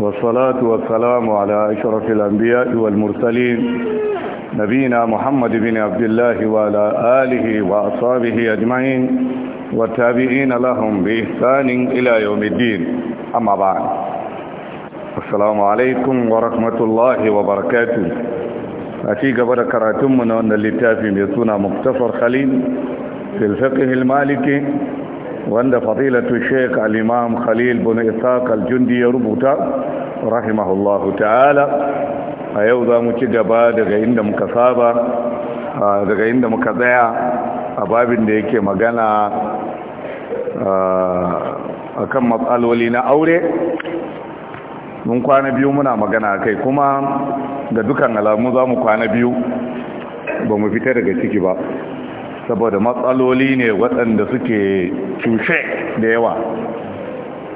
والصلاة والسلام على أشرف الأنبياء والمرسلين نبينا محمد بن عبد الله وعلى آله وأصحابه أجمعين والتابعين لهم بإحسان إلى يوم الدين أما بعد السلام عليكم ورحمة الله وبركاته أتيك بركاتم من أن اللتاف يسونا مختصر خليل في الفقه المالكي wanda fadilatu sheik al-imam khalil bin ishaq al-jundi ya rubuta rahimahullahu ta'ala a yau za mu ci gaba daga inda muka saba daga inda muka tsaya a babin da yake magana a kan matsaloli na aure mun kwana biyu muna magana kai kuma da dukkan alamu za mu kwana biyu ba mu fita daga ciki ba saboda matsaloli ne waɗanda suke cushe da yawa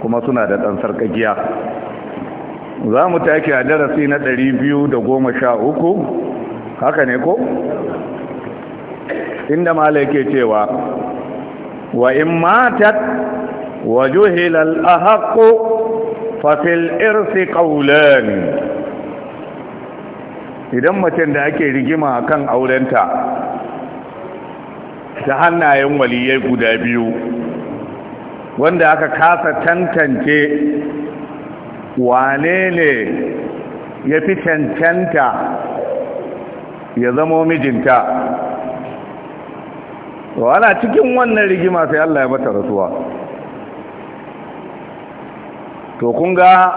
kuma suna da ɗan sarƙaƙiya za mu take a darasi na ɗari biyu da goma sha uku haka ne ko? inda malai yake cewa wa in matat wa juhilal ahaqqu fa irsi qawlan idan mace da ake rigima kan aurenta ta hannayen waliyai guda biyu wanda aka kasa tantance wane ne ya fi cancanta ya zama mijinta wala cikin wannan rigima sai Allah ya mata rasuwa to kun ga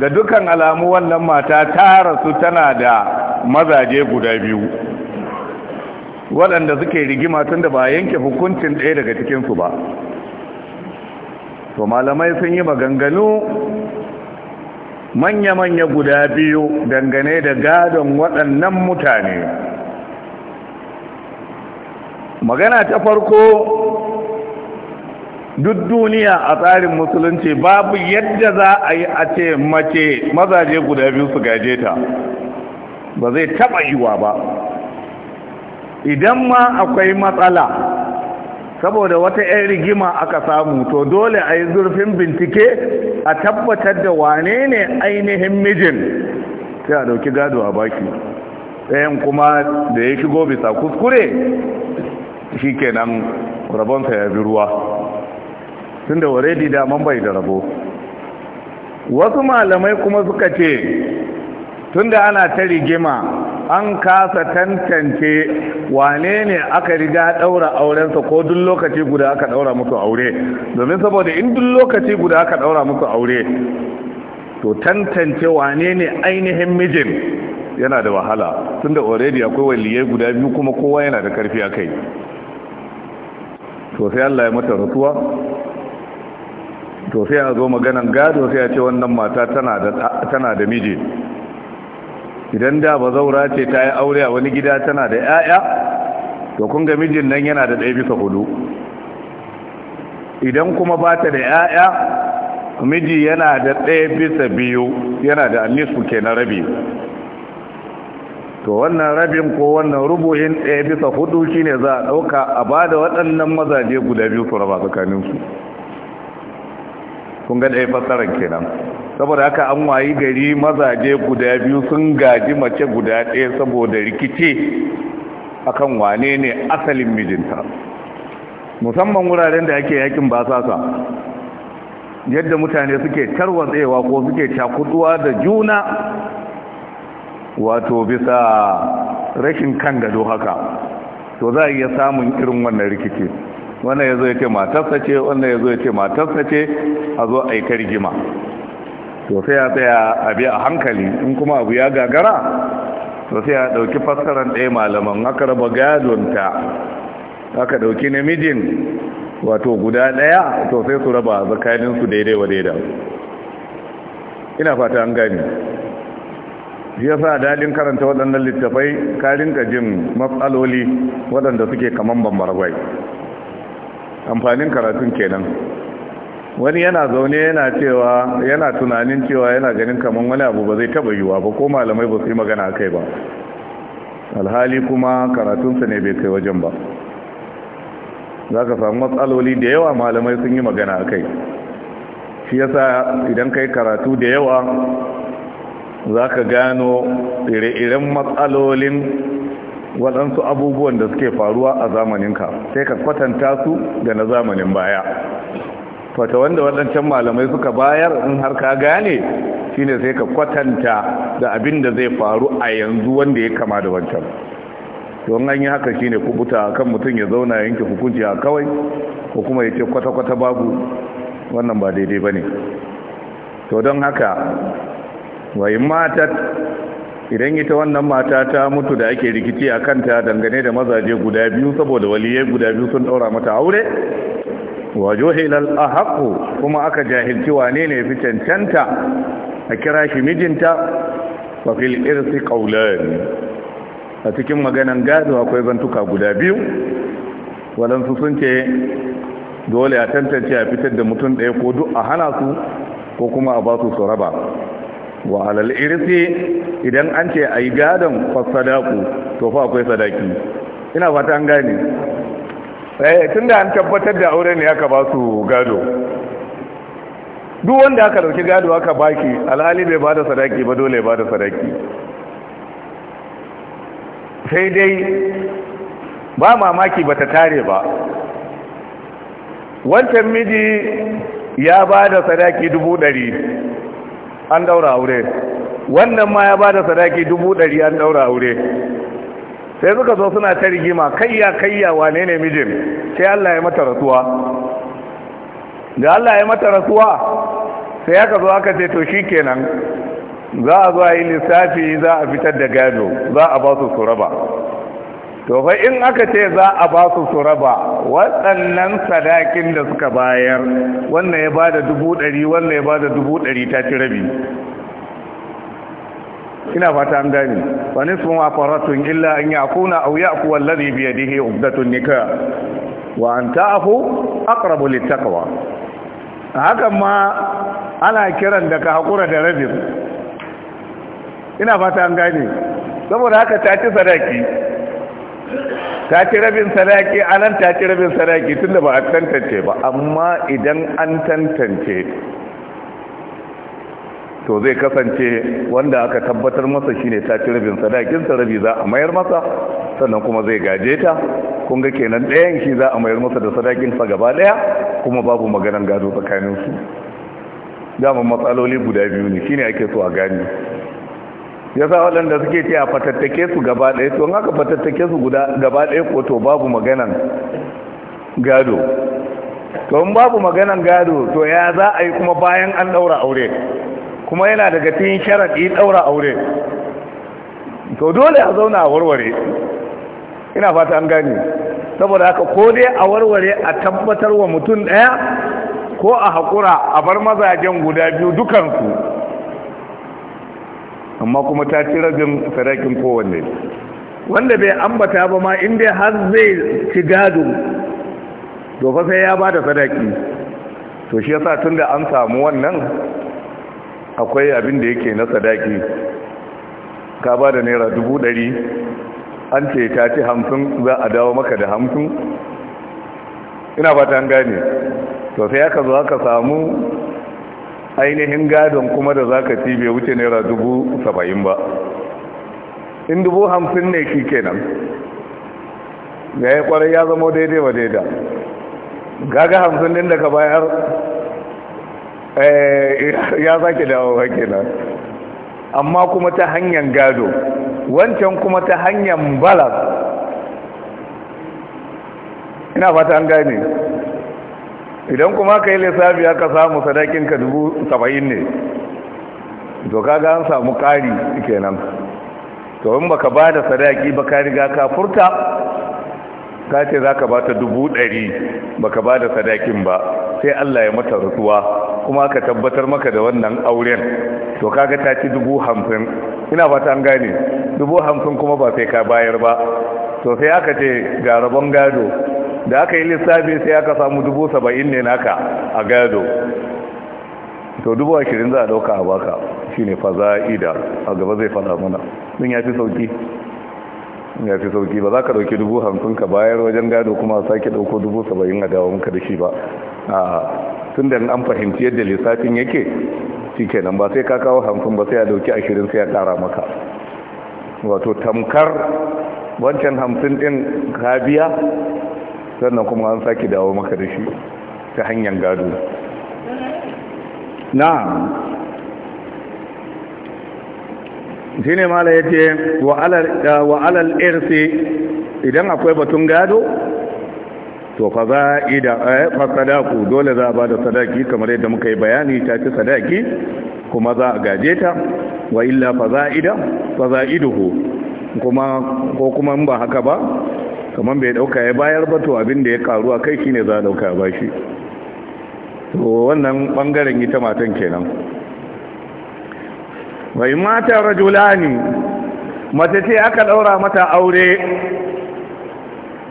ga dukan alamu wannan mata ta rasu tana da mazaje guda biyu waɗanda suke rigima tun da ba yanke hukuncin ɗaya daga cikinsu ba to malamai sun yi maganganu manya-manya guda biyu dangane da gadon waɗannan mutane magana ta farko duk duniya a tsarin musulunci babu yadda za a yi a ce mace mazaje guda biyu su gaje ta ba zai taba yiwa ba idan ma akwai matsala saboda wata 'yan rigima aka samu to dole a yi zurfin bincike a tabbatar da wane ne ainihin mijin sai a dauki gado a baki ɗayan kuma da ya shigo bisa kuskure shi kenan rabonsa ya bi ruwa tun da ware dida bai da rabo wasu malamai kuma suka ce tun da ana ta rigima an kasa tantance wane ne aka riga daura aurensa ko duk lokaci guda aka daura musu aure domin saboda in duk lokaci guda aka daura musu aure to tantance wane ne ainihin mijin yana da wahala tunda already akwai waliyai guda biyu kuma kowa yana da karfi a kai to sai Allah ya mata rasuwa to sai a zo maganan gado sai a ce wannan mata tana da miji idan da ba zaura ce ta yi aure a wani gida tana da 'ya'ya to kun ga mijin nan yana da ɗaya bisa hudu idan kuma ba ta da 'ya'ya miji yana da ɗaya bisa biyu yana da annisu ke na rabi to wannan rabin ko wannan rubuhin ɗaya bisa hudu shine za a ɗauka a ba da waɗannan mazaje guda biyu su raba tsakaninsu kun ga ɗaya fassarar kenan saboda haka an wayi gari mazaje guda biyu sun gaji mace guda ɗaya saboda rikici akan wane ne asalin mijinta musamman wuraren da ake yakin basasa yadda mutane suke tarwatsewa ko suke cakuduwa da juna wato bisa rashin kan gado haka to za a iya samun irin wannan rikici wannan ya zo ya ce matarsa ce wannan ya zo ya ce matarsa ce a zo a yi rigima to sai ya tsaya a biya a hankali in kuma abu ya gagara to sai ya ɗauki fassarar ɗaya malaman aka raba gadonta aka ɗauki namijin wato guda ɗaya to sai su raba zakaninsu daidai wa daidai ina fata an gani shi yasa daɗin karanta waɗannan littafai ka jin matsaloli waɗanda suke kamar bambara gwai amfanin karatun kenan wani yana zaune yana cewa yana tunanin cewa yana ganin kamar wani abu ba zai taba yiwa ba ko malamai ba su yi magana kai ba alhali kuma karatunsa ne bai kai wajen ba za ka samu matsaloli da yawa malamai sun yi magana kai shi yasa idan kai karatu da yawa za ka gano ire-iren matsalolin waɗansu abubuwan da suke faruwa a zamaninka sai ka kwatanta su da na zamanin baya fata wanda waɗancan malamai suka bayar in har ka gane shine sai ka kwatanta da abin da zai faru a yanzu wanda ya kama da wancan don an yi haka shine kubuta kan mutum ya zauna yanke hukunci a kawai ko kuma ya ce kwata-kwata babu wannan ba daidai ba ne to don haka wayin matat idan ita wannan mata ta mutu da ake rikici a kanta dangane da mazaje guda biyu saboda waliyai guda biyu sun ɗaura mata aure wa ahaku kuma aka jahilci wane ne fi cancanta a kira shi mijinta wa fil irsi qawlan a cikin maganan gado akwai zantuka guda biyu waɗansu sun ce dole a tantance a fitar da mutum ɗaya ko duk a hana su ko kuma a ba su su raba wa alal irsi idan an ce a yi gadon fasadaku to fa akwai sadaki ina fata an gane eh tunda an tabbatar da aure ne aka ba su gado duk wanda aka dauki gado aka baki alhali bai bada sadaki ba dole bada sadaki sai dai ba mamaki ba ta tare ba wancan miji ya bada sadaki dubu ɗari an daura aure wannan ma ya bada sadaki dubu ɗari an daura aure sai suka zo suna ta rigima kayya kayya wane ne mijin sai Allah ya mata rasuwa da Allah ya mata rasuwa sai aka zo aka ce to shikenan za a zo a yi lissafi za a fitar da gado za a ba su suraba to fa in aka ce za a ba su suraba waɗannan sadakin da suka bayar wannan ya ba dubu ɗari wannan ya ba dubu ɗari ta ci rabi ina fata an gani wa ma afaratun illa an yakuna aw ya'fu alladhi bi yadihi ubdatun nikah wa an ta'fu aqrabu littaqwa hakan ma ana kiran da ka hakura da rabin ina fata an gani saboda haka ta ci sadaki ta ci rabin sadaki anan ta ci rabin sadaki tunda ba a tantance ba amma idan an tantance to zai kasance wanda aka tabbatar masa shine ta ci rabin sadakinsa rabi za a mayar masa sannan kuma zai gaje ta kun ga kenan ɗayan shi za a mayar masa da sadakinsa gaba ɗaya kuma babu maganan gado tsakaninsu daman matsaloli guda biyu ne shine ake so a gani yasa waɗanda suke ce a fatattake su gaba ɗaya to aka fatattake su gaba ɗaya ko to babu maganan gado to in babu maganan gado to ya za a yi kuma bayan an ɗaura aure kuma yana daga cikin sharaɗi ɗaura aure to dole a zauna a warware ina fata an gani saboda haka ko dai a warware a tabbatar wa mutum ɗaya ko a haƙura a bar mazajen guda biyu dukansu amma kuma ta ci rabin sadakin kowanne wanda bai ambata ba ma inda har zai ci gado to fa sai ya bada sadaki to shi yasa tunda an samu wannan akwai abin da yake na sadaki ka ba da naira dubu ɗari an ce ta ci hamsin za a dawo maka da hamsin ina ba ta gane to sai aka zo aka samu ainihin gadon kuma da za ka ci bai wuce naira dubu saba'in ba in dubu hamsin ne shi kenan ya yi kwarai ya zama daidai ba daidai gaga hamsin ɗin da ka bayar Eh, ya sake dawowa nan amma kuma ta hanyar gado wancan kuma ta hanyar balas ina fata an gane idan kuma ka yi lissafi aka samu sadakinka dubu saba'in ne to kaga an samu ƙari kenan to in baka ba da sadaki ba ka riga ka furta ka ce za ka ba ta dubu ɗari baka ba da sadakin ba sai allah ya mata rutuwa kuma aka tabbatar maka da wannan auren to kaga ta ci dubu hamsin ina fata an gane dubu hamsin kuma ba sai ka bayar ba to sai aka ce ga rabon gado da aka yi lissafi sai aka samu dubu saba'in ne naka a gado to dubu ashirin za a dauka a baka Shi ne faza'ida a gaba zai fada mana din ya fi sauki ya fi sauki ba za ka dauki dubu hamsin ka bayar wajen gado kuma sake dauko dubu saba'in a dawo karshe da shi ba tun da an fahimci yadda lissafin yake shi kenan ba sai ka kawo hamsin ba sai a dauki ashirin sai a kara maka wato tamkar wancan hamsin din ka biya sannan kuma an sake dawo maka da shi ta hanyar gado Na. shi ne mala ya ce wa irsi idan akwai batun gado to fa za'ida eh, fa sadaku dole za a ba da sadaki kamar yadda muka yi bayani ta ci sadaki kuma za a gaje ta wa illa fa ida fa iduhu kuma ko kuma ba haka ba kamar bai dauka ya bayar ba to abin da ya karu a kai shine za a dauka ba shi to wannan bangaren ita matan kenan wai mata rajulani mace ce aka daura mata aure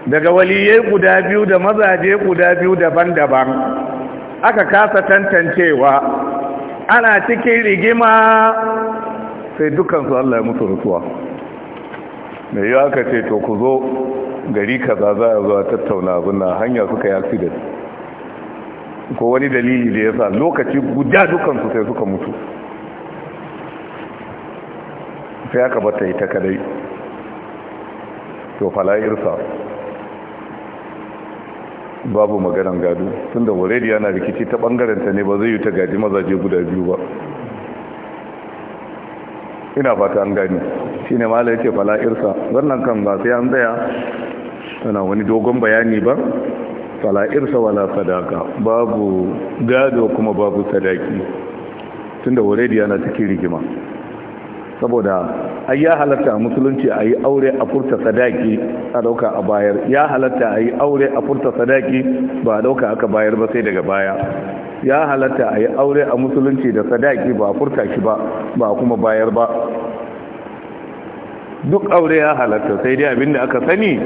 daga waliyai guda biyu da mazaje guda biyu daban-daban aka kasa tantancewa ana cikin rigima sai dukansu Allah ya mutu rutuwa mai yi aka ce to ku zo gari kaza za a zuwa tattauna abin na hanya suka yi accident ko wani dalili da ya sa lokaci guda dukansu sai suka mutu sai aka bata ita kadai to fala'irsa babu maganan gado tunda already yana rikici ta bangaranta ne ba zai yi ta gaji mazaje guda biyu ba ina fata an gani Shi ne mala yace Fala'irsa. wannan kan ba sai an tsaya tana wani dogon bayani ba Fala'irsa wala sadaka babu gado kuma babu sadaki tunda waredi yana cikin rigima saboda ai ya halatta a musulunci a yi aure a furta sadaki a dauka a bayar ya halatta a yi aure a furta sadaki ba a dauka aka bayar ba sai daga baya ya halatta a yi aure a musulunci da sadaki ba a furta shi ba ba kuma bayar ba duk aure ya halatta sai dai abinda aka sani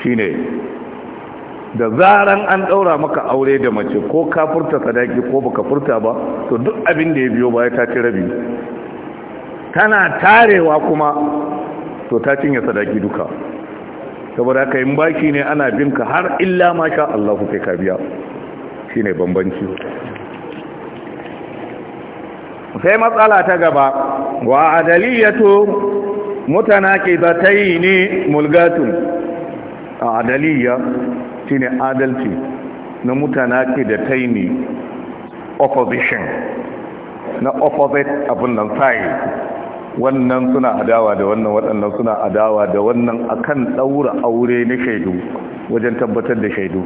shine da zaran an daura maka aure da mace ko ka furta sadaki ko baka furta ba to duk abin da ya biyo baya ta ci rabi tana tarewa kuma to ta cinye sadaki duka saboda ka yin baki ne ana binka har illa masha Allah kuke ka biya shi ne bambanci sai matsala ta gaba wa adaliyatu mutanaqidatayn mulgatun adaliyya shine adalci na mutana da taini opposition na opposite abun nan wannan suna adawa da wannan waɗannan suna adawa da wannan akan ɗaura aure na shaidu wajen tabbatar da shaidu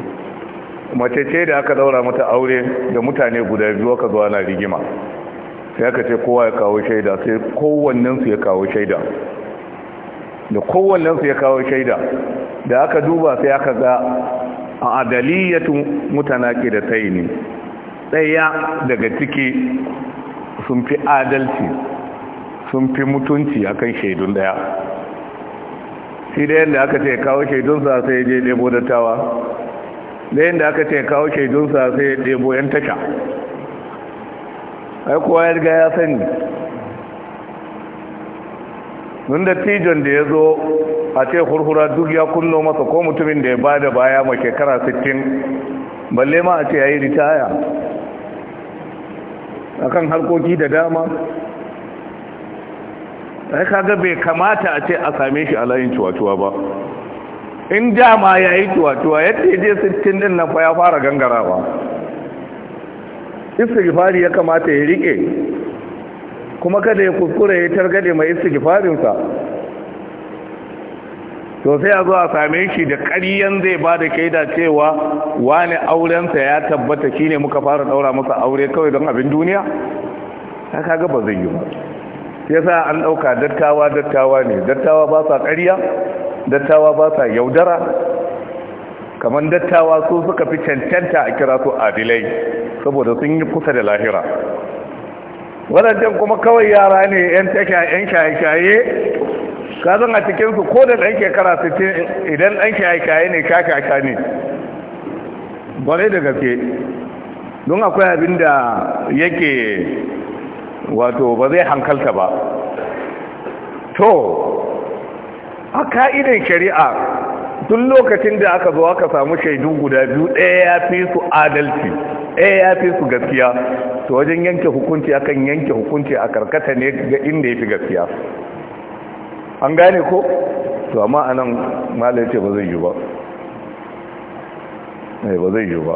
mace ce da aka ɗaura mata aure da mutane guda biyu aka zuwa na rigima sai aka ce kowa ya kawo shaida sai kowannensu ya kawo shaida da kowannensu ya kawo shaida da aka duba sai aka ga a adaliyatu ke da ne. ɗaya daga ciki sun fi adalci sun fi mutunci akan shaidun daya shi da yadda aka ce kawo shaidunsa sai ya je ɗebo dattawa da yadda aka ce kawo shaidunsa sai ya ɗebo yan tasha ai kuwa ya riga ya sani nun da tijon da ya zo a ce hurhura duk ya kullo masa ko mutumin da ya ba da baya ma shekara 60 balle ma a ce ya yi ritaya akan harkoki da dama sai kaga bai kamata a ce a same shi a layin ciwatuwa ba in dama ya yi ciwatuwa yadda ya je sittin din nan fa ya fara gangarawa istighfari ya kamata ya rike kuma kada ya kuskure ya targade mai istighfarinsa to sai a zo a same shi da ƙaryan zai ba da kaida cewa wani aurensa ya tabbata shine muka fara daura masa aure kawai don abin duniya ta kaga ba zai yi ba yasa an ɗauka dattawa dattawa ne dattawa ba sa ƙarya dattawa ba sa yaudara kamar dattawa su suka fi cancanta a kira su adilai saboda sun yi kusa da lahira wadannan kuma kawai yara ne 'yan shaye-shaye ka zan a cikinsu ko da ɗan shekara ce idan ɗan shaye-shaye ne shaka ne Bare da gaske don akwai abin da yake wato ba zai hankalta ba to a ka'idar shari'a tun lokacin da aka zo aka samu shaidu guda biyu ɗaya ya fi su adalci ɗaya ya fi su gaskiya to wajen yanke hukunci akan yanke hukunci a karkata ne ga inda ya fi gaskiya an gane ko to amma anan malar ce ba zai yi ba eh, ba zai yi ba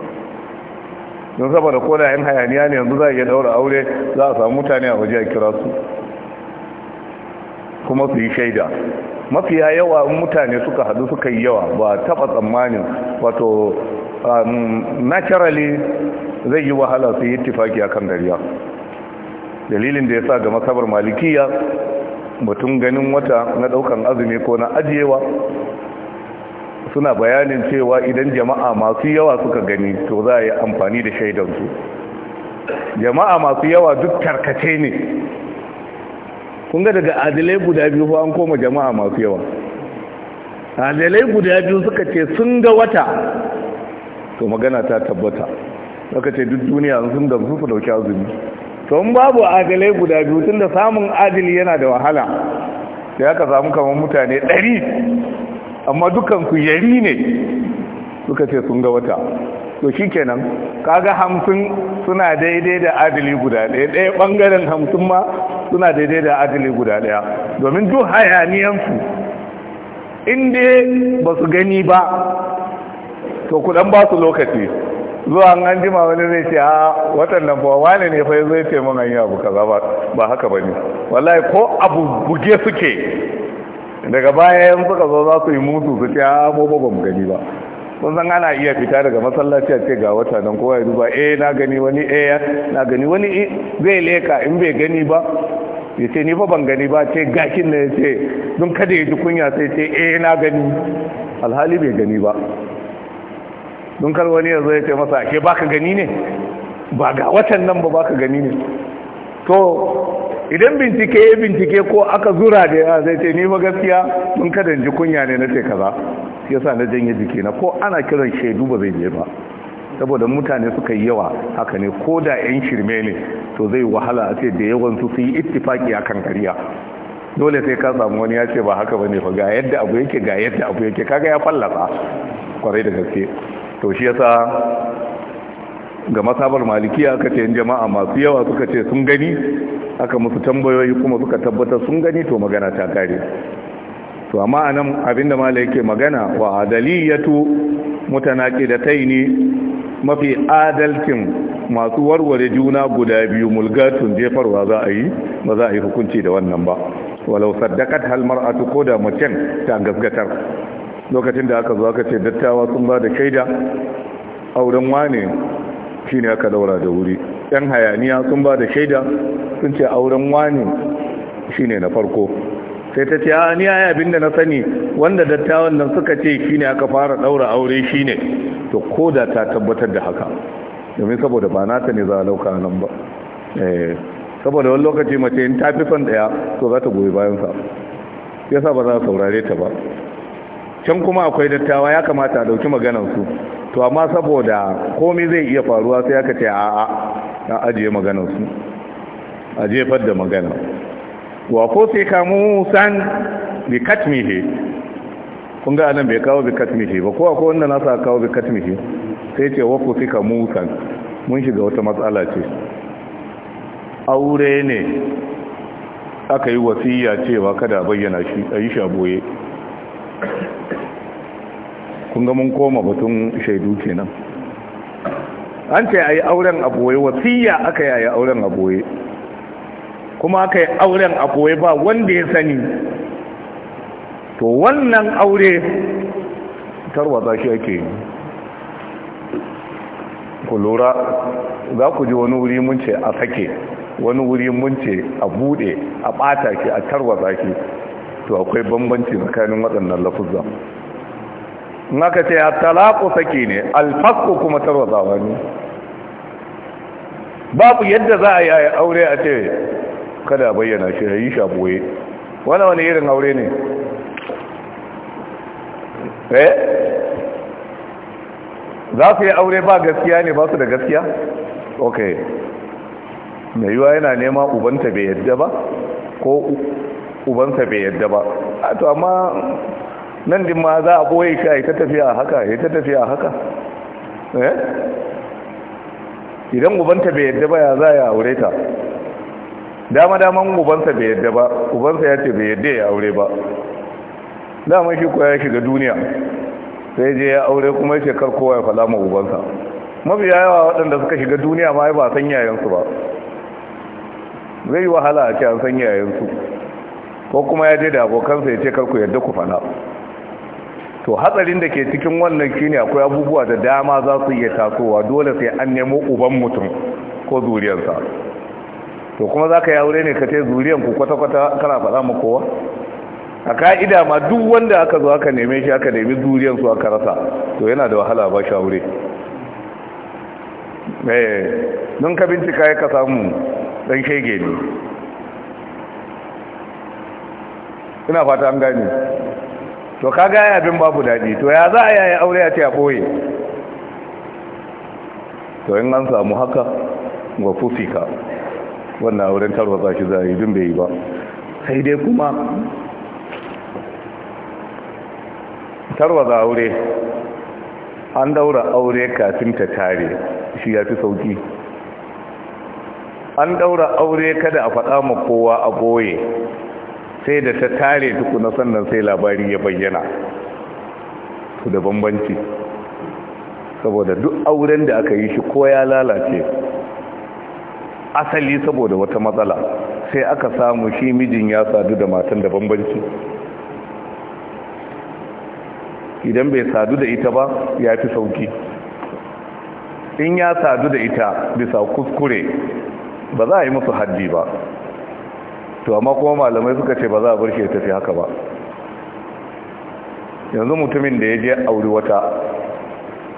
don saboda ko da hayaniya ne yanzu za a iya daura aure za a samu mutane a waje a kira su kuma su yi shaida mafiya yawa mutane suka hadu suka yi yawa ba taba tsammanin wato um, naturally zai yi wahala su yi tifaki a kan dariya dalilin da ya sa ga masabar malikiya mutum ganin wata na daukan azumi ko na ajiyewa suna bayanin cewa idan jama'a masu yawa suka gani to za a yi amfani da shaidansu jama'a masu yawa duk tarkace ne kun ga daga adalai guda biyu ko an koma jama'a masu yawa adalai guda biyu suka ce sun ga wata to magana ta tabbata suka ce duk duniya sun da su dauki azumi to in babu adalai guda biyu tun da samun adali yana da wahala sai aka samu kamar mutane ɗari amma dukansu yari ne suka ce sun ga wata to shi kenan kaga hamsin suna daidai da adali guda ɗaya ɗaya ɓangaren hamsin ma suna daidai da adali guda ɗaya domin duk hayaniyansu inda ba su gani ba to kudan ba su lokaci zuwa an jima wani zai ce a watan ba wane ne fa zai ce mun an yi abu kaza ba haka bane wallahi ko abu buge suke daga baya suka zo za su yi musu su ce a mu ba mu gani ba sun san ana iya fita daga masallaci a ce ga wata don kowa ya duba eh na gani wani eh na gani wani eh, zai leka in bai gani ba ya ce ni fa ban gani ba ce gakin na ya ce don kada ya ji kunya sai ce eh na gani alhali bai gani ba don kar wani ya zo ya ce masa ke baka gani ne ba ga watan nan ba baka gani ne to idan bincike ya bincike ko aka zura da ya zai ce ni gaskiya? mun kada ji kunya ne na ce kaza Ya yasa na janye jiki na ko ana kiran shaidu ba zai je ba saboda mutane suka yi yawa haka ne ko da yan shirme ne to zai wahala a ce da yawan su yi ittifaki akan kariya dole sai ka samu wani ya ce ba haka ba ne ba. ga yadda abu yake ga yadda abu yake kaga ya fallasa kwarai da gaske to shi yasa ga masabar malikiya aka ce jama'a masu yawa suka ce sun gani aka musu tambayoyi kuma suka tabbata sun gani to magana ta kare to amma anan abinda mala yake magana wa adaliyatu mutanaqidataini mafi adalcin masu warware juna guda biyu mulgatun jefarwa za a yi ba za a yi hukunci da wannan ba walau saddaqat hal mar'atu ko da macen ta gaskatar lokacin da aka zo aka ce dattawa sun ba da shaida auren wane shine aka daura da wuri yan hayaniya sun ba da shaida sun ce auren wani shine na farko sai ta ce a ni ai abinda na sani wanda dattawan nan suka ce shi ne aka fara daura aure shi ne to ko da ta tabbatar da haka domin saboda ba nata ne za a lauka nan ba eh, saboda wani lokaci mace yin ta fi son daya to za ta goyi bayansa sa yasa ba za a saurare ta ba can kuma akwai dattawa ya kamata a dauki maganansu to amma saboda komai zai iya faruwa sai aka ce a'a a ajiye maganarsu, a jefar da magana wa ko sai kamu san bi katmihi kun ga anan bai kawo bi katmihi ba ko akwai wanda nasa kawo bi katmihi sai ce wa ko sai kamu san mun shiga wata matsala ce aure ne aka yi wasiya cewa kada bayyana shi a yi shaboye kun ga mun koma batun shaidu kenan an ce ayi auren aboye wasiya aka yi auren aboye kuma aka yi auren aboye ba wanda ya sani to wannan aure za shi ake yi ku lura za ku ji wani wuri mun ce a sake wani wuri mun ce a bude a bata shi a za shi to akwai bambanci tsakanin waɗannan lafuzan maka ce a talaku saki ne alfakku kuma tarwazawa ne babu yadda za a yi aure a ce kada bayyana shi ya yi shaboye wani wani irin aure ne eh za su yi aure ba gaskiya ne ba su da gaskiya ok mai yiwa yana nema ubanta bai yadda ba ko ubanta bai yadda ba to amma nan din ma za a boye shi a ta tafiya haka ya ta tafiya haka eh idan gubanta bai yadda ba ya za ya aure ta dama daman gubanta bai yadda ba gubanta ya ce bai yadda ya aure ba dama shi kuwa ya shiga duniya sai je ya aure kuma ya shekar kowa ya fala ma gubanta mafiya yawa waɗanda suka shiga duniya ma ba san yayansu ba zai yi wahala a ce an san yayansu ko kuma ya je da abokansa ya ce karku yadda ku fala to hatsarin da ke cikin wannan shine akwai abubuwa da dama za su iya tasowa dole sai an nemo uban mutum ko zuriyarsa to kuma za ka yi aure ne ka ce zuriyar ku kwata-kwata kana faɗa ma kowa a ka'ida ma duk wanda aka zo aka neme shi aka nemi zuriyar su aka rasa to yana da wahala ba shi aure eh nun ka bincika ya ka samu dan shege ne ina fata an gani to kaga ya bin babu daɗi to ya za a yayi aure a ce a ɓoye to in an samu haka wa fufika wannan auren tarwa shi za a yi dun bai yi ba sai dai kuma tarwatsa aure an daura aure kafin ta tare shi ya fi sauki an daura aure kada a faɗa ma kowa a boye sai da ta tare tukuna sannan sai labari ya bayyana su da bambanci saboda duk auren da aka yi shi ko ya lalace asali saboda wata matsala sai aka samu shi mijin ya sadu da matan da bambanci idan bai sadu da ita ba ya fi sauki in ya sadu da ita bisa kuskure ba za a yi musu haddi ba to amma kuma malamai suka ce ba za a bar shi ya tafi haka ba yanzu mutumin da ya je aure wata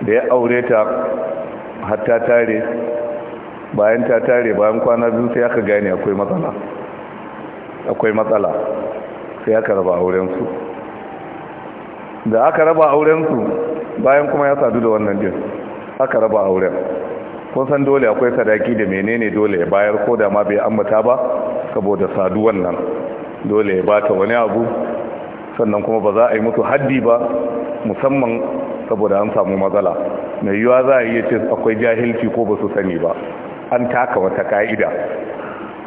da ya aure ta hatta tare bayan ta tare bayan kwana biyu sai aka gane akwai matsala akwai matsala sai aka raba aurensu da aka raba aurensu bayan kuma ya sadu da wannan din aka raba auren kun san dole akwai sadaki da menene dole ya bayar ko da ma bai ambata ba saboda saduwan nan dole ya bata wani abu sannan kuma ba za a yi mutu haddi ba musamman saboda an samu matsala mai yiwuwa za a iya ce akwai jahilci ko ba su sani ba an taka wata ka'ida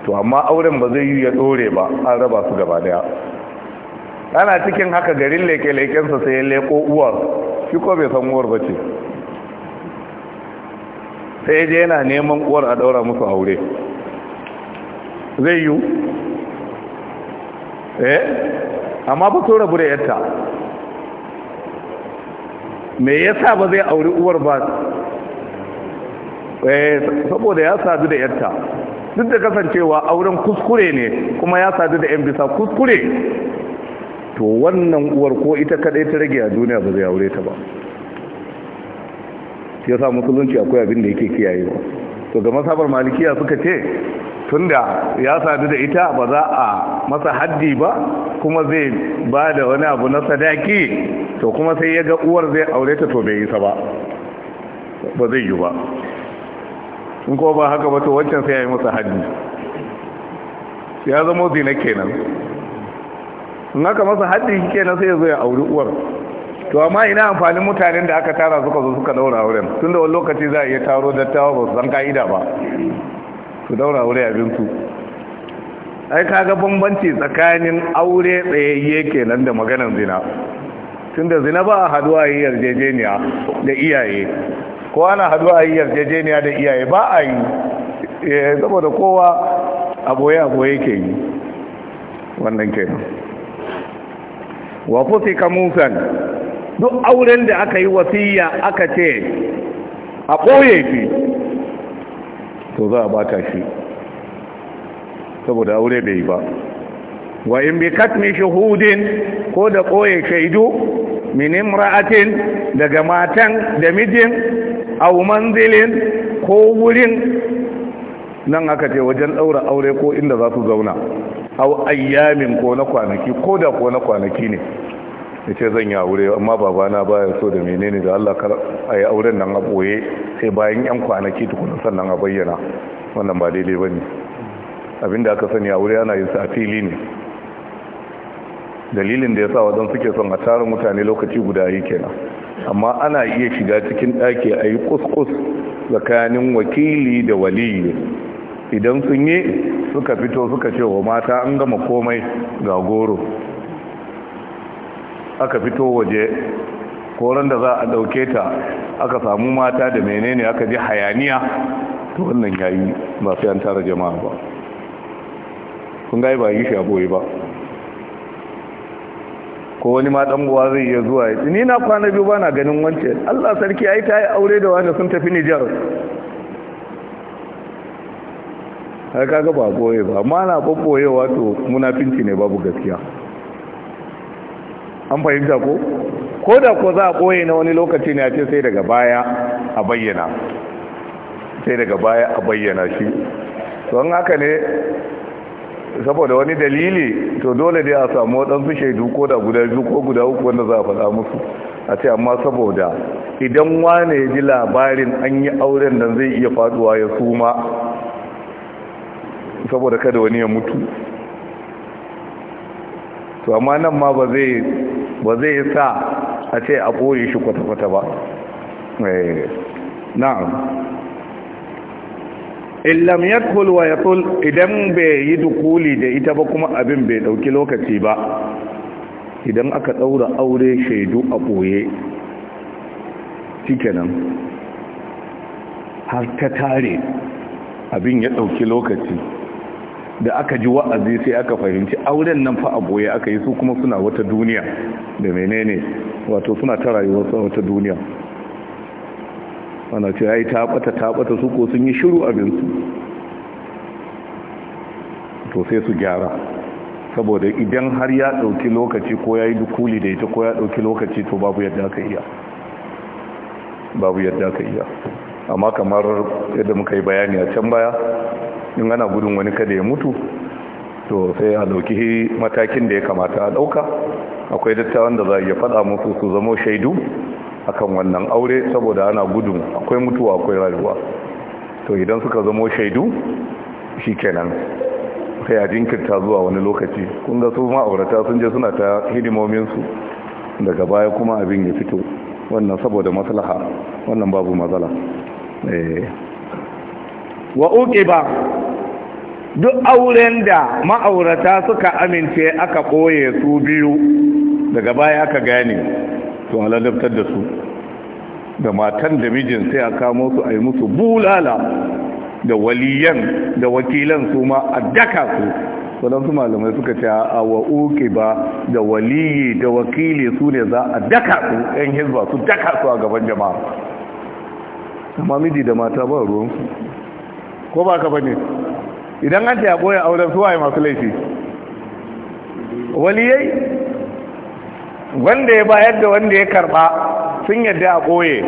to amma auren ba zai yi ya dore ba an raba su gaba daya ana cikin haka garin leke-lekensa sai ya leko uwar shi ko bai san uwar ba ce sai je yana neman uwar a daura musu aure zai yi eh amma ba so rabu da 'yatta me yasa ba zai auri uwar ba eh saboda ya sadu da yarta duk da kasancewa auren kuskure ne kuma ya sadu da yan bisa kuskure to wannan uwar ko ita kadai ta rage a duniya ba zai aure ta ba ya sa musulunci akwai abin da yake kiyayewa to ga masabar malikiya suka ce tunda ya sadu da ita ba za a masa haddi ba kuma zai ba da wani abu na sadaki to kuma sai ya ga uwar zai aure ta to bai yi sa ba ba zai yi ba in ko ba haka ba to wancan sai ya yi masa haddi ya zama zina kenan in haka masa haddi kenan sai ya zo ya auri uwar to amma ina amfanin mutanen da aka tara suka zo suka daura auren tunda wani lokaci za a iya taro dattawa ba su san ka'ida ba Ku daura wuri abinsu ai kaga bambanci tsakanin aure tsayayye kenan da maganan zina tunda zina ba a haduwa yi yarjejeniya da iyaye ko ana haduwa yi yarjejeniya da iyaye ba a yi eh, saboda kowa aboye-aboye ke yi wannan kenan wa ka musan duk auren da aka yi wasiya aka ce a ɓoye fi to za a bata shi saboda aure bai ba wa in bi katmi shuhudin ko da koye shaidu min imra'atin daga matan da mijin aw manzilin ko wurin nan aka ce wajen daura aure ko inda za su zauna aw ayyamin ko na kwanaki ko da ko na kwanaki ne ya ce zan yi aure amma babana baya so da menene da Allah kar a yi auren nan a ɓoye sai bayan yan kwanaki tukuna sannan a bayyana wannan ba daidai ba ne abinda aka sani aure ana yin sa a fili ne dalilin da ya sa waɗansu suke son a tara mutane lokaci guda yi kenan amma ana iya shiga cikin ɗaki a yi kuskus tsakanin wakili da waliyu idan sun yi suka fito suka ce wa mata an gama komai ga goro aka fito waje koran da za a ɗauke ta aka samu mata da menene aka ji hayaniya to wannan yayi ba sai an tara jama'a ba kun ga ba yi shi aboye ba ko wani ma dan uwa zai iya zuwa ni na kwana biyu bana ganin wance Allah sarki ai ta yi aure da wani sun tafi Niger har kaga ba goye ba amma na babboyewa to munafinci ne babu gaskiya an fahimta ko ko da ko za a koye na wani lokaci ne a ce sai daga baya a bayyana sai daga baya a bayyana shi don haka ne saboda wani dalili to dole dai a samu waɗansu shaidu ko da guda biyu ko guda uku wanda za a faɗa musu a ce amma saboda idan wane ya ji labarin an yi auren nan zai iya faduwa ya suma saboda kada wani ya mutu to amma nan ma ba zai ba zai sa a ce a ƙoye shi kwata-kwata ba eh, na'am illam yadkhul wa yatul idan bai yi dukuli da ita ba kuma abin bai ɗauki lokaci ba idan aka daura aure shaidu a boye shikenan har ta tare abin ya ɗauki lokaci da aka ji wa'azi sai aka fahimci auren nan fa a aka yi su kuma suna wata duniya da menene wato suna ta rayuwar su wata duniya ana ce ya yi taɓata taɓata su ko sun yi shiru abinsu to sai su gyara saboda idan har ya ɗauki lokaci ko ya yi dukuli da ita ko ya ɗauki lokaci to babu yadda aka iya babu yadda aka iya amma kamar yadda muka yi bayani a can baya in ana gudun wani kada ya mutu to sai a dauki matakin da ya kamata a dauka akwai dattawan da za a iya faɗa musu su zama shaidu akan wannan aure saboda ana gudun akwai mutuwa akwai rayuwa to idan suka zamo shaidu kenan, sai a jinkirta zuwa wani lokaci kun ga su ma'aurata sun je suna ta hidimominsu daga baya kuma abin ya fito wannan saboda maslaha wannan babu matsala eh. wa uqiba duk auren da ma'aurata suka amince aka ɓoye su biyu daga baya aka gane to halalabtar da su da matan da mijin sai a kamo su a yi musu bulala da waliyan da wakilan su ma a daka su waɗansu malamai suka ce a uke ba da waliyi da wakili su ne za a daka su ‘yan hizba su daka su a gaban jama'a amma miji da mata ba su. ko ba ka ba idan an ce a ɓoye auren suwaye masu laifi waliyai wanda ya bayar da wanda ya karba sun yadda a koye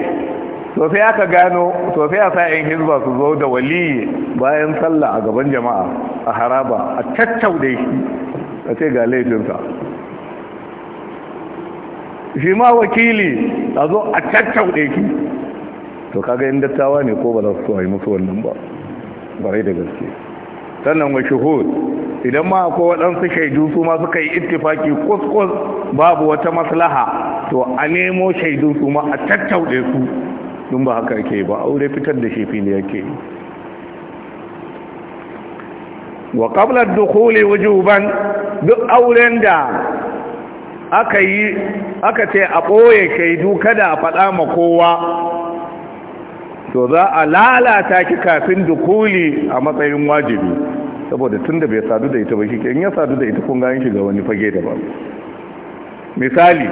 to sai aka gano to sai a sa'in 'yan hizba su zo da wali bayan sallah a gaban jama'a a haraba a caccaude shi a ce ga laifinsa shi ma wakili a zo a caccaude shi to kaga yin dattawa ne ko ba za su so a yi musu wannan ba bare da gaske sannan wa shuhud idan ma akwai waɗansu shaidu su ma suka yi ittifaki kuskus babu wata maslaha to a nemo shaidu su ma a tattaude su dun ba haka yake ba aure fitar da shi fili yake wa qabla ad-dukhul wujuban duk auren da aka yi aka ce a ɓoye shaidu kada a faɗa ma kowa to za a lalata ki kafin dukuli a matsayin wajibi saboda tun da bai sadu da ita ba shike in ya sadu da ita kun ga shiga wani fage ba. misali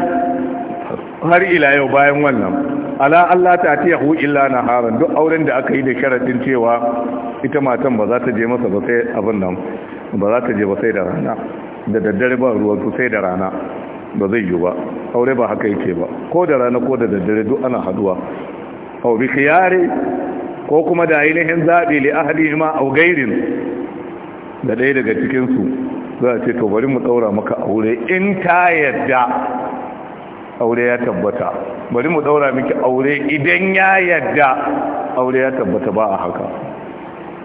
har ila yau bayan wannan ala Allah ta yahu illa naharan duk auren da aka yi da sharadin cewa ita matan ba za ta je masa ba sai abin nan ba za ta je ba sai da rana da daddare ba ruwan su sai da rana ba zai yi ba aure ba haka yake ba ko da rana ko da daddare duk ana haduwa au bi khiyari ko kuma da ainihin zabi li ahlihima ma au gairin da ɗaya daga cikinsu za a ce to bari mu ɗaura maka aure in ta yadda aure ya tabbata bari mu ɗaura miki aure idan ya yadda aure ya tabbata ba a haka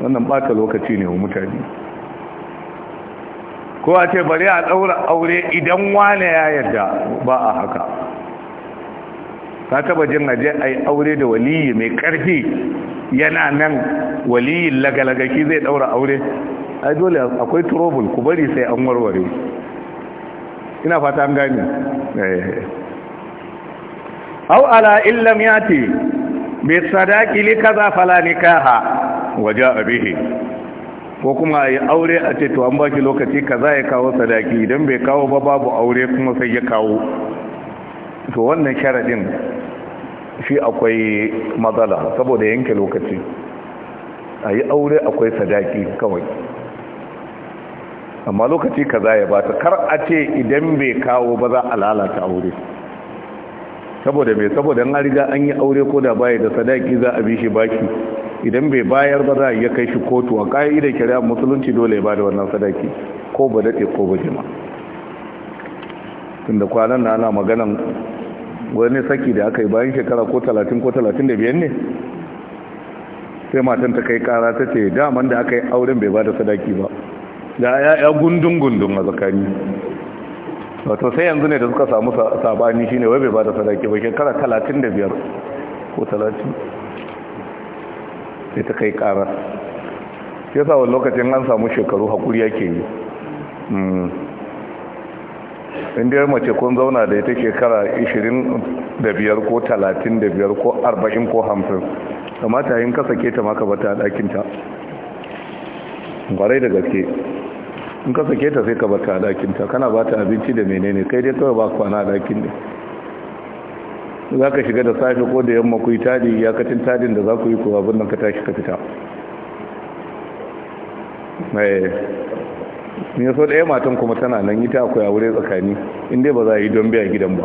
wannan ɓata lokaci ne wa mutane ko a ce bari a ɗaura aure idan wane ya yadda ba a haka ta taba jin aje a yi aure da waliyi mai ƙarfi yana nan waliyin lagalagaki zai ɗaura aure ai dole akwai trouble ku bari sai an warware ina fata an gani eh. au ala illam yati bi sadaqi li kaza fala nikaha waja bihi ko kuma ai aure a ce to an baki lokaci kaza ya kawo sadaki idan bai kawo ba babu aure kuma sai ya kawo to wannan sharadin shi akwai matsala saboda yanke lokaci a yi aure akwai sadaki kawai amma lokaci kaza ya bata kar a ce idan bai kawo ba za a lalata aure saboda mai saboda an riga an yi aure ko da baya da sadaki za a bi shi baki idan bai bayar ba za a iya kai shi kotu a ka'idar shari'a musulunci dole ba da wannan sadaki ko ba daɗe ko ba jima tunda kwanan na ana maganan wani saki da aka yi bayan shekara ko talatin ko talatin da biyan ne sai matan ta kai kara ta ce daman da aka yi auren bai ba da sadaki ba da ya gundun gundun a zakari wato sai yanzu ne da suka samu sabani shine wai bai ba da sadaki ba shekara 35 ko 30 sai ta kai kara ya sa wani lokacin an samu shekaru hakuri yake yi hmm. inda yar mace kun zauna da ita shekara 25 ko 35 ko 40 ko 50 kamata yin kasa ke ta maka bata a ɗakinta ƙwarai da gaske in ka sake ta sai ka bar a dakin ta kana ba ta abinci da menene kai dai kawai ba kwana a dakin ne za ka shiga da safe ko da yamma ku yi tadi katin tadin da za ku yi kuwa abin nan ka tashi ka fita mai eh. ne so ya matan kuma tana nan yi akwai a wuri tsakani inda ba za a yi don biya gidan ba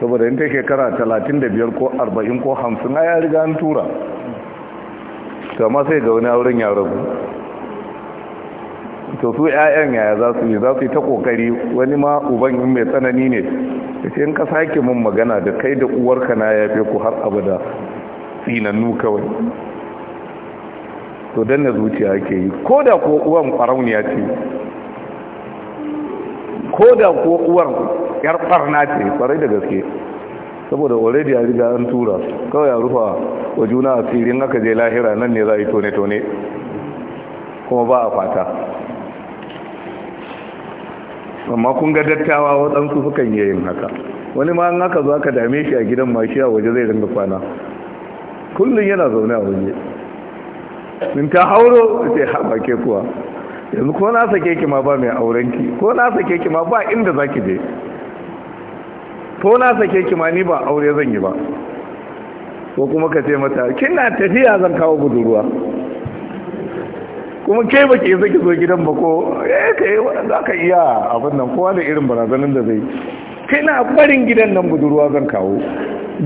saboda yin ta shekara talatin da biyar ko arba'in ko hamsin a ya riga an tura kama sai ga wani auren ya rabu to su ƴaƴan yaya za su yi za su yi ta kokari wani ma uban in mai tsanani ne ce in ka sake mun magana da kai da uwarka na yafe ku har abada tsinannu kawai to danna zuciya ake yi ko da ko uwan ƙwarauniya ce ko da ko uwar yar ɓarna ce ƙwarai da gaske saboda already ya riga an tura kawai ya rufa wa juna asirin aka je lahira nan ne za a yi tone-tone kuma ba a fata amma kun ga dattawa waɗansu sukan iya yin haka wani ma an haka za ka dame shi a gidan mashi a waje zai ringa kwana kullum yana zaune a waje in ta hauro ce haɓa ke kuwa yanzu ko na sake ki ma ba mai aurenki ko na sake ki ma ba inda za ki je ko na sake ki ma ni ba aure zan yi ba ko kuma ka ce mata kina tafiya zan kawo budurwa kuma ke ba ke zaki zo gidan ba ko eh kai za ka iya abin nan kowa da irin barazanin da zai kai na barin gidan nan budurwa zan kawo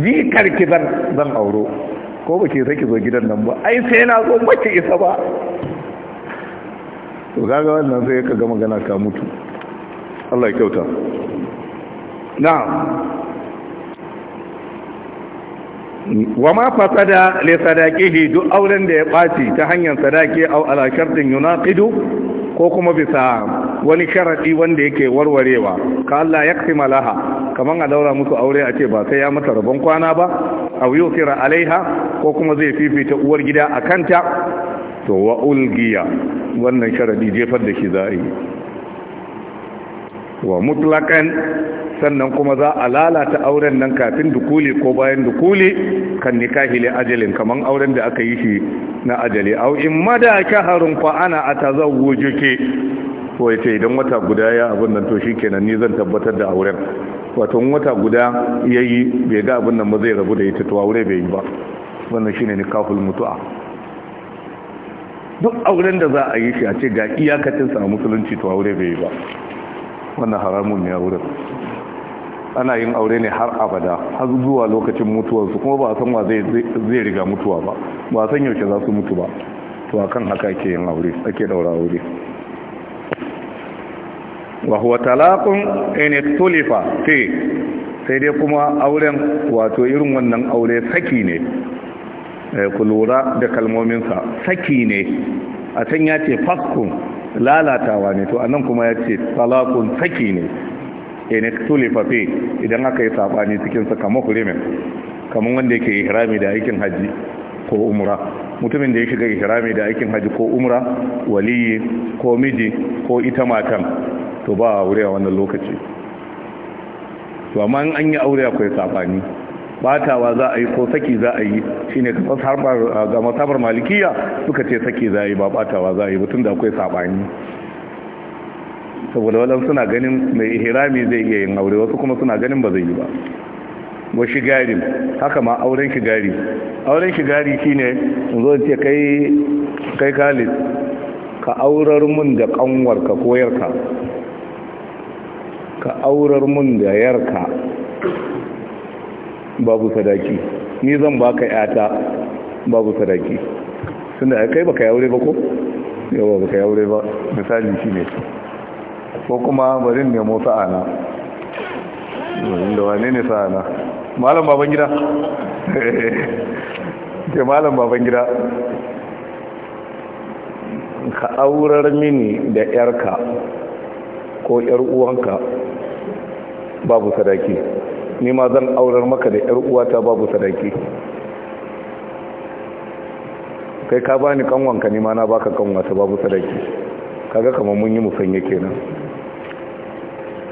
ji karki zan zan auro ko ba ke zaki zo gidan nan ba ai sai na zo mace isa ba to kaga wannan sai ka ga magana ka mutu Allah ya kyauta na'am wa ma fasada li sadaqihi duk auren da ya baci ta hanyar sadaki au ala shartin yunaqidu ko kuma bisa wani sharadi wanda yake warwarewa ka Allah ya kasima laha kaman a daura musu aure a ce ba sai ya mata rabon kwana ba aw yusira alaiha ko kuma zai fifita uwar gida akanta to wa ulgiya wannan sharadi jefar da shi za'i wa mutlakan sannan kuma za a lalata auren nan kafin dukuli ko bayan dukuli kan nikahi li ajalin kaman auren da aka yi shi na ajali au in mada shaharun fa ana atazawwujuki to yace idan wata guda ya abin nan to shikenan ni zan tabbatar da auren wato wata guda yayi bai ga abin nan ba zai rabu da ita to aure bai yi ba wannan shine nikahul mutu'a duk auren da za a yi shi a ce ga iyakacinsa sa musulunci to aure bai yi ba wannan haramun ne a wurin ana yin aure ne har abada har zuwa lokacin mutuwarsu kuma ba a san wa zai riga mutuwa ba ba a san yaushe za su mutu ba to akan haka ake yin aure ake daura aure wa huwa talaqun in tulifa fi sai dai kuma auren wato irin wannan aure saki ne eh, ku lura da kalmominsa saki ne a can ya ce faskun lalatawa ne to anan kuma ya ce talakun saki ne in eh, tulifa fi idan aka yi sabani cikin sa kamar hurimin kamar wanda yake ihrami da aikin haji ko umra mutumin da ya shiga ihrami da aikin haji ko umra waliyi ko miji ko ita matan to ba aure a wannan lokaci to amma an yi aure akwai sabani batawa za a yi ko saki za a yi shine har fasarbar ga masabar malikiya suka ce saki za a yi ba batawa za a yi mutum da akwai sabani saboda wadansu suna ganin mai hirami zai iya yin aure wasu kuma suna ganin ba zai yi ba wa gari haka ma auren shigari auren gari shi in zo ce kai kai khalid ka aurar mun da kanwarka ko yarka ka aurar mun da yarka babu sadaki ni zan baka yata babu sadaki suna kai baka yaure ba ko yawa baka yaure ba misali shi ne ko kuma bari ne mu sa'ana inda wane ne sa'ana malam baban gida ke malam baban gida ka aurar mini da yarka ko yar uwanka babu sadaki ni ma zan aurar maka da yar uwata babu sadaki kai ka bani kanwanka ni ma na baka kanwata babu sadaki kaga kamar mun yi musanye kenan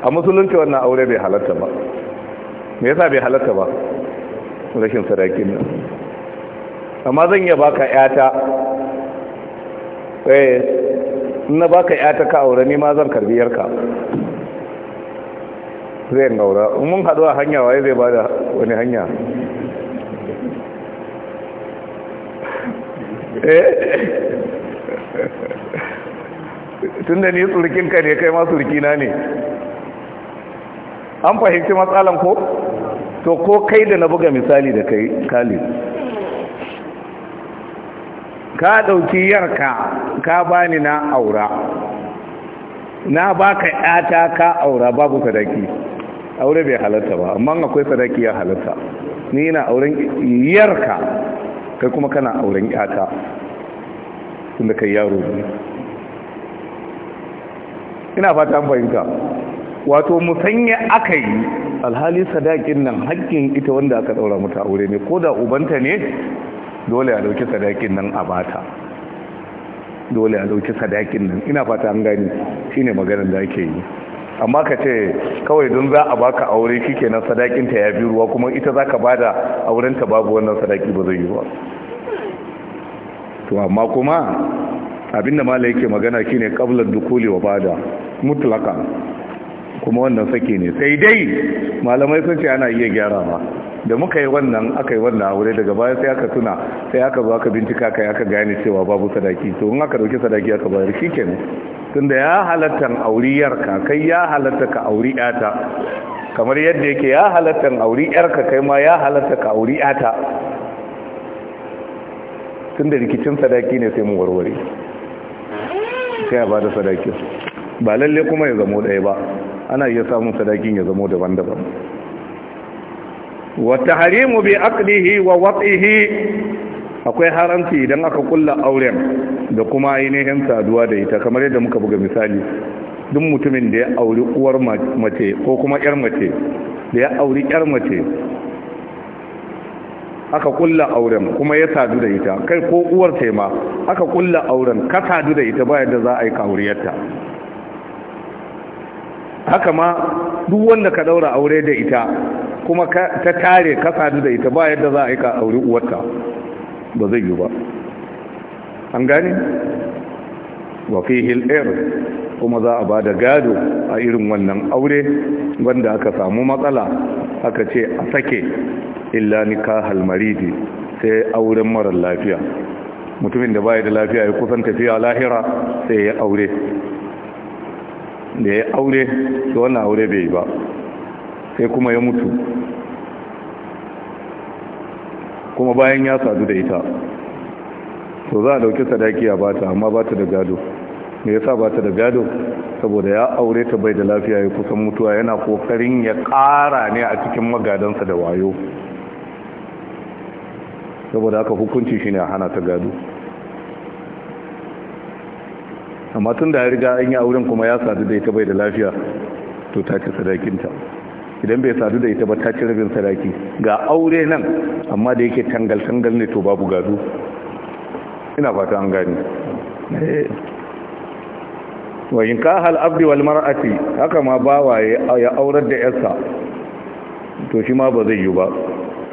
a musulunci wannan aure bai halatta ba me yasa bai halatta ba rashin sadakin nan amma zan iya baka yata eh na baka yata ka aure ni ma zan karbi yarka zai gaura mun haɗu a hanya waye zai bada wani hanya eh? tun da ni ka ne kai ma tsurkina ne an fahimci matsalan ko to ko kai da na buga misali da kai kali ka ɗauki yarka ka bani na aura na baka ƴata ka aura babu sadaki aure bai halatta ba amma akwai sadaki ya halatta ni ina auren yarka kai kuma kana auren yata tunda kai yaro ne ina fata fahimta wato musanya aka yi alhali sadakin nan haƙƙin ita wanda aka ɗaura mata aure ne ko da ubanta ne dole a ɗauki sadakin nan a bata dole a ɗauki sadakin nan ina fata an gani shine maganar da ake yi amma ka ce kawai don za a baka aure nan sadakinta ya biyu ruwa kuma ita za ka bada aurenta babu wannan sadaki ba zai yi ba to amma kuma abinda mala yake magana shine kablar dukuli wa bada mutlaka kuma wannan sake ne sai dai malamai sun ce ana iya gyarawa da muka yi wannan aka yi wannan aure daga baya sai aka tuna sai aka zo aka bincika kai aka gane cewa babu sadaki to in aka dauki sadaki aka bayar kenan. tunda ya auriyar ka kai ya halatta ka auriyata kamar yadda yake ya halattan ka kai ma ya halatta ka auriyata tunda rikicin sadaki ne sai mu warware sai ba da sadaki ba lalle kuma ya zamo daya ba ana iya samun sadakin ya zamo daban-daban wa harimu bi aqlihi wa wat'ihi akwai haramci idan aka kulla auren da kuma ainihin saduwa da ita kamar yadda muka buga misali duk mutumin da ya auri uwar mace ko kuma yar mace da ya auri yar mace aka kulla auren kuma ya sadu da ita kai ko uwar ce ma aka kulla auren ka sadu da ita ba yadda za a yi kauriyarta haka ma duk wanda ka daura aure da ita kuma ta tare ka sadu da ita ba yadda za a yi ka auri uwarta ba zai yi ba an gane wa fihil kuma za a ba da gado a irin wannan aure wanda aka samu matsala aka ce a sake illa nikahal maridi sai auren marar lafiya mutumin da baya da lafiya ya kusan tafiya lahira sai ya aure da ya aure da wannan aure bai ba sai kuma ya mutu kuma bayan ya sadu da ita to za a dauki sadaki a bata amma bata da gado me yasa bata da gado saboda ya aure ta bai da lafiya ya kusan mutuwa yana kokarin ya kara ne a cikin magadansa da wayo saboda haka hukunci shine a hana ta gado amma tun da ya riga an yi auren kuma ya sadu da ita bai da lafiya to ta ci sadakinta idan bai sadu da ita ba ta ci rabin sadaki ga aure nan amma da yake tangal-tangal ne to babu gado ina fata an gani wa in ka hal abdi wal mar'ati haka ma waye ya aurar da yarsa to shi ma ba zai yi ba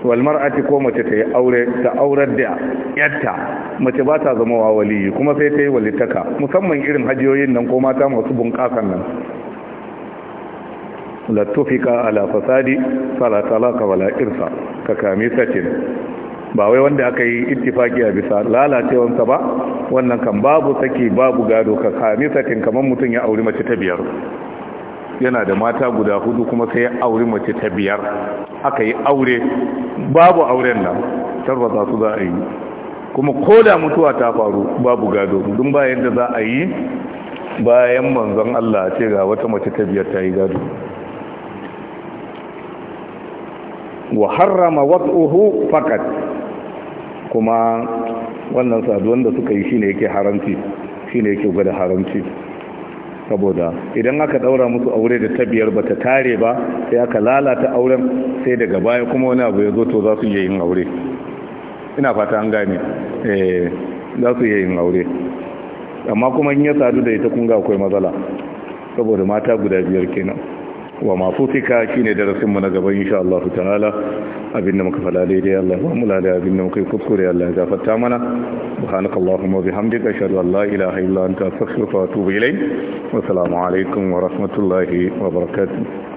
wal mar'ati ko mace ta yi aure ta aurar da yarta mace ba ta zama wa waliyi kuma sai ta yi walittaka musamman irin hajiyoyin nan ko mata masu bunƙasan nan latufika ala fasadi fala talaka wala irsa ka kame satin ba wai wanda aka yi ittifaki a bisa lalacewansa ba wannan kan babu saki babu gado ka kame satin kamar mutum ya auri mace ta biyar yana da mata guda hudu kuma sai ya auri mace ta biyar aka yi aure babu auren nan tarwata su za a yi kuma ko da mutuwa ta faru babu gado dun bayan da za a yi bayan manzon Allah ce ga wata mace ta biyar ta yi gado wa harrama wat'uhu faqat kuma wannan saduwan da suka yi shine yake haramci shine yake gwada haramci saboda idan aka daura musu aure da tabiyar bata tare ba sai aka lalata auren sai daga baya kuma wani abu ya zo to za su iya yin aure ina fata an gane eh za su iya yin aure amma kuma in ya sadu da ita kun ga akwai matsala saboda mata guda biyar kenan wa masu fika shi ne darasinmu na gaba insha Allah ta'ala abinda muka fada daidai Allah ba mu lada abinda muka yi kuskure Allah ya gafarta mana subhanaka allahumma bihamdika ashhadu an allah ilaha illa anta astaghfiruka wa atubu ilayk wa assalamu alaikum wa rahmatullahi wa barakatuh